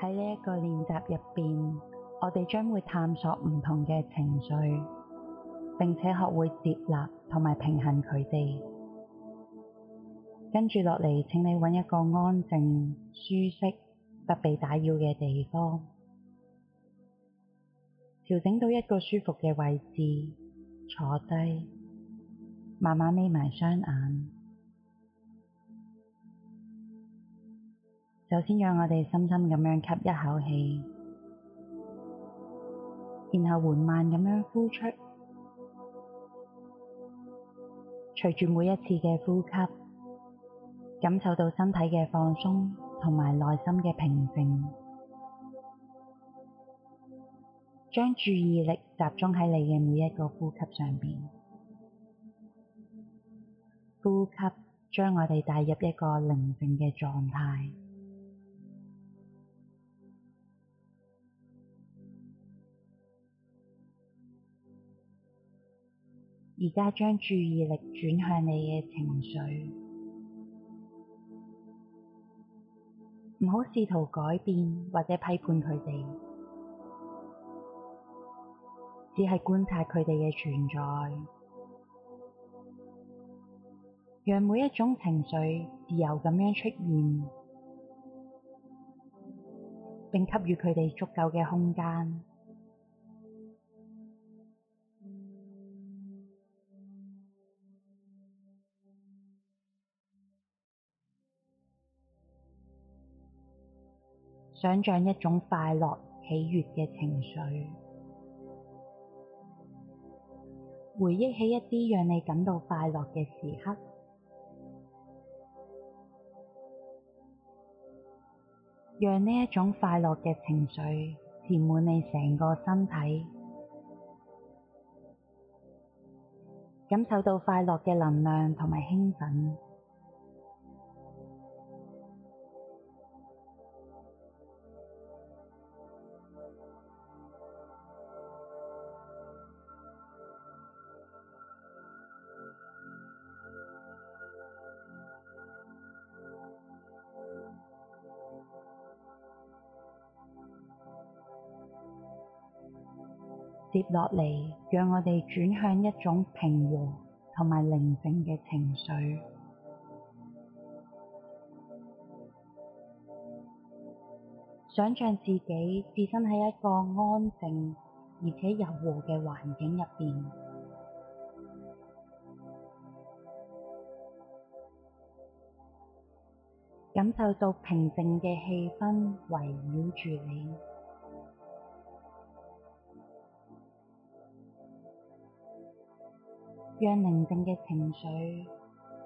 喺呢一個練習入邊，我哋將會探索唔同嘅情緒，並且學會接納同埋平衡佢哋。跟住落嚟，請你揾一個安靜、舒適、不被打擾嘅地方，調整到一個舒服嘅位置，坐低。慢慢眯埋雙眼，首先讓我哋深深咁樣吸一口氣，然後緩慢咁樣呼出。隨住每一次嘅呼吸，感受到身體嘅放鬆同埋內心嘅平靜，將注意力集中喺你嘅每一個呼吸上面。呼吸將我哋帶入一個寧靜嘅狀態。而家將注意力轉向你嘅情緒，唔好試圖改變或者批判佢哋，只係觀察佢哋嘅存在。讓每一種情緒自由咁樣出現，並給予佢哋足夠嘅空間。想象一種快樂、喜悦嘅情緒，回憶起一啲讓你感到快樂嘅時刻。讓呢一種快樂嘅情緒填滿你成個身體，感受到快樂嘅能量同埋興奮。接落嚟，讓我哋轉向一種平和同埋寧靜嘅情緒。想像自己置身喺一個安靜而且柔和嘅環境入邊，感受到平靜嘅氣氛圍繞住你。讓寧靜嘅情緒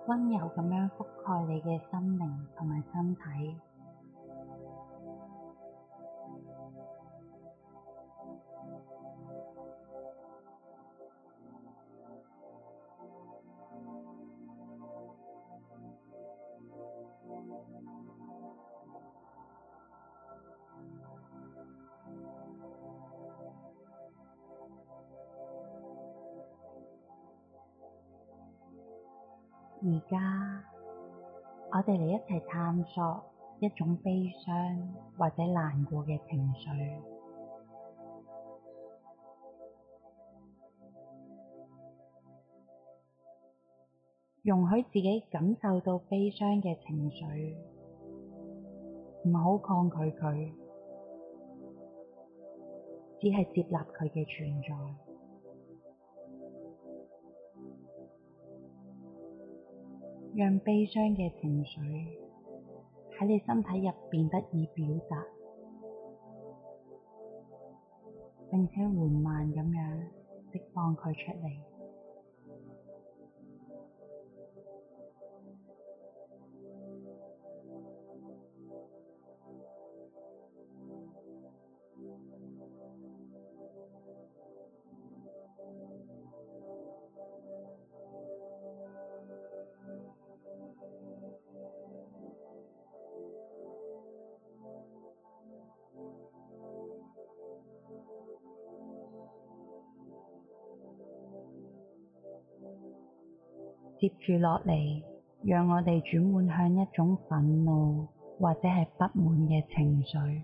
温柔咁樣覆蓋你嘅心靈同埋身體。而家我哋嚟一齊探索一種悲傷或者難過嘅情緒，容許自己感受到悲傷嘅情緒，唔好抗拒佢，只係接納佢嘅存在。讓悲傷嘅情緒喺你身體入面得以表達，並且緩慢咁樣釋放佢出嚟。接住落嚟，讓我哋轉換向一種憤怒或者係不滿嘅情緒，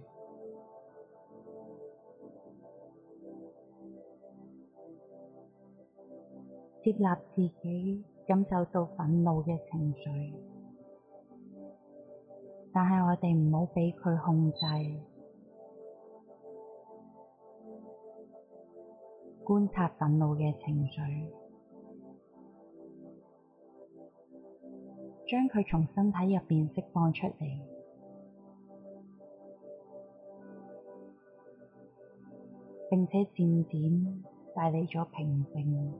接納自己感受到憤怒嘅情緒，但係我哋唔好俾佢控制，觀察憤怒嘅情緒。將佢從身體入邊釋放出嚟，並且漸漸帶嚟咗平靜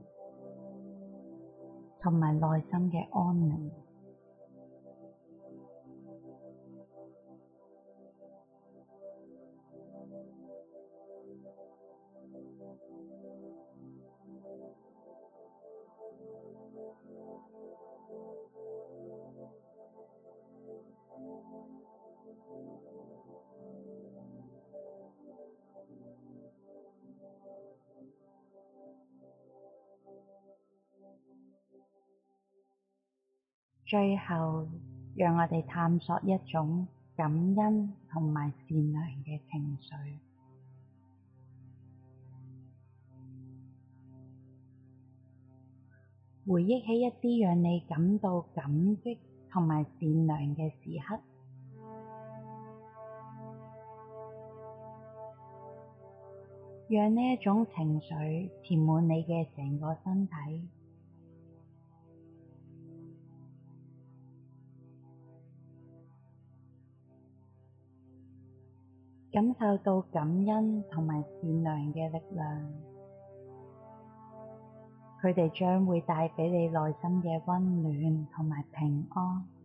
同埋內心嘅安寧。最後，讓我哋探索一種感恩同埋善良嘅情緒，回憶起一啲讓你感到感激同埋善良嘅時刻，讓呢一種情緒填滿你嘅成個身體。感受到感恩同埋善良嘅力量，佢哋將會帶畀你內心嘅溫暖同埋平安。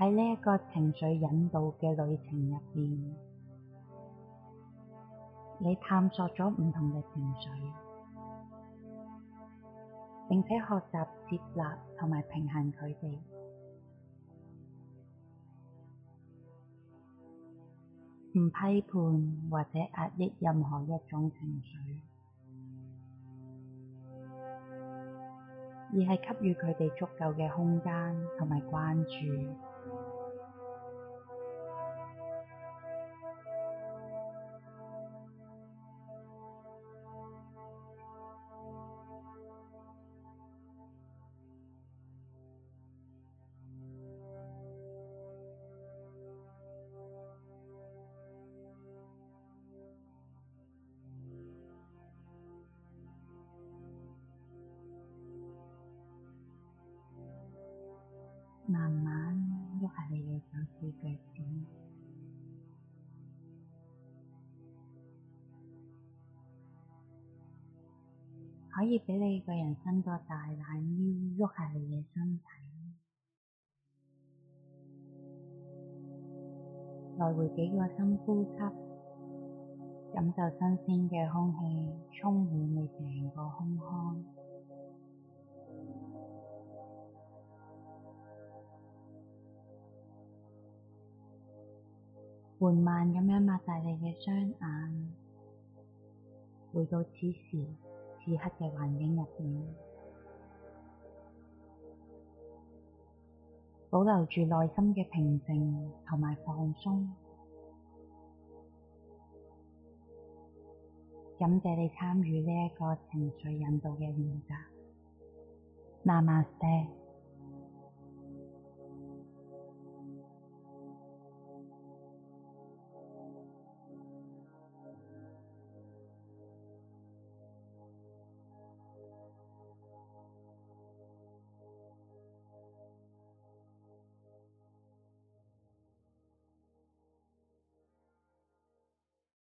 喺呢一個情緒引導嘅旅程入邊，你探索咗唔同嘅情緒，並且學習接納同埋平衡佢哋，唔批判或者壓抑任何一種情緒，而係給予佢哋足夠嘅空間同埋關注。慢慢喐下你嘅手指腳趾，可以俾你個人伸個大懶腰，喐下你嘅身體，來回幾個深呼吸，感受新鮮嘅空氣充滿你哋。緩慢咁樣擘大你嘅雙眼，回到此時此刻嘅環境入面，保留住內心嘅平靜同埋放鬆。感謝你參與呢一個情緒引導嘅練習。Namaste。